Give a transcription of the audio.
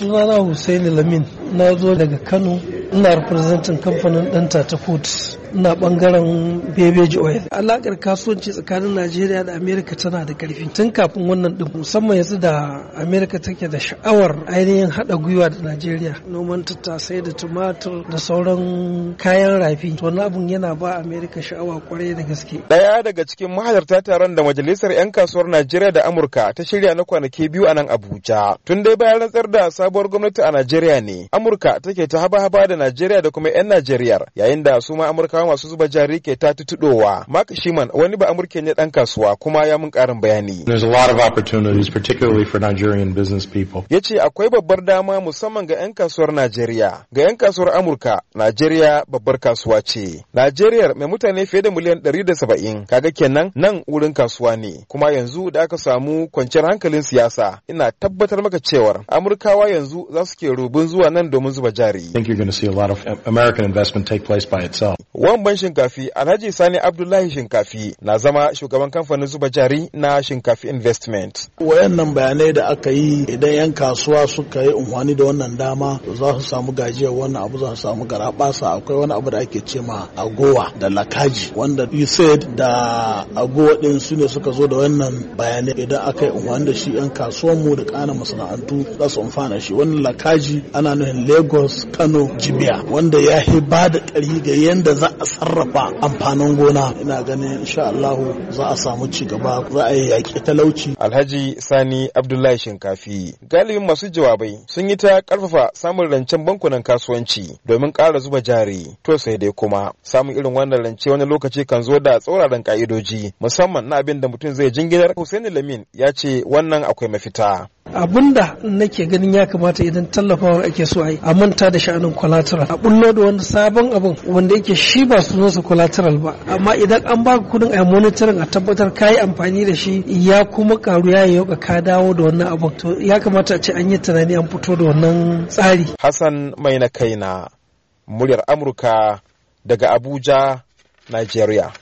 sunana Hussaini Lamin na zo daga Kano ina representing kamfanin ɗanta ta Foods. na bangaren bebeji oil alakar kasuwanci tsakanin najeriya da amerika tana da karfi tun kafin wannan din musamman yanzu da amerika take da sha'awar ainihin hada gwiwa da najeriya noman tattasai da tumatur da sauran kayan rafi to abun yana ba amerika sha'awa kwarai da gaske daya daga cikin mahalarta taron da majalisar yan kasuwar najeriya da amurka ta shirya na kwanaki biyu a nan abuja tun dai bayan rantsar da sabuwar gwamnati a najeriya ne amurka take ta haba-haba da najeriya da kuma yan najeriya yayin da su ma amurka matasa masu zuba jari ke ta tutudowa. Mark Shiman wani ba Amurke ne dan kasuwa kuma ya mun karin bayani. There's a lot of opportunities particularly for Nigerian business people. Yace akwai babbar dama musamman ga 'yan kasuwar Najeriya. Ga 'yan kasuwar Amurka, Najeriya babbar kasuwa ce. Najeriya mai mutane fiye da miliyan 170 kaga kenan nan wurin kasuwa ne. Kuma yanzu da aka samu kwanciyar hankalin siyasa ina tabbatar maka cewar Amurkawa yanzu za su ke rubin zuwa nan domin zuba jari. I think you're going to see a lot of American investment take place by itself. Yawan shinkafi Alhaji Sani Abdullahi Shinkafi na zama shugaban kamfanin zuba jari na Shinkafi Investment. Wayannan bayanai da aka yi idan 'yan kasuwa suka yi unhwani da wannan dama za su samu gajiyar wannan abu za su samu garabasa akwai wani abu da ake ce ma agowa da lakaji wanda you said da agowa din su ne suka zo da wannan bayanai idan aka yi unhwani da shi 'yan mu da kana masana'antu za su amfana shi wannan lakaji ana nuhin Lagos Kano Jibiya wanda ya ba da ƙari ga yanda za a sarrafa amfanin gona ina ganin insha Allah za a samu ci gaba za a yi yaƙi talauci Alhaji Sani Abdullahi Shinkafi galibin masu jawabai sun yi ta karfafa samun rancen bankunan kasuwanci domin ƙara zuba jari to sai dai kuma samun irin wannan rance wani lokaci kan zo da tsauraran ka'idoji musamman na abin da mutum zai jinginar Hussein Lamin ya ce wannan akwai mafita abinda nake ganin ya kamata idan tallafawa ake so a a manta da sha'anin collateral a bullo da wani sabon abin wanda yake shi ba sunansa collateral ba amma idan an baka kudin a monitoring a tabbatar kayi amfani da shi ya kuma karu ya yi ka dawo da wannan abin to ya kamata a ce an yi tunani an fito da wannan tsari hassan mai na kaina muryar amurka daga abuja nigeria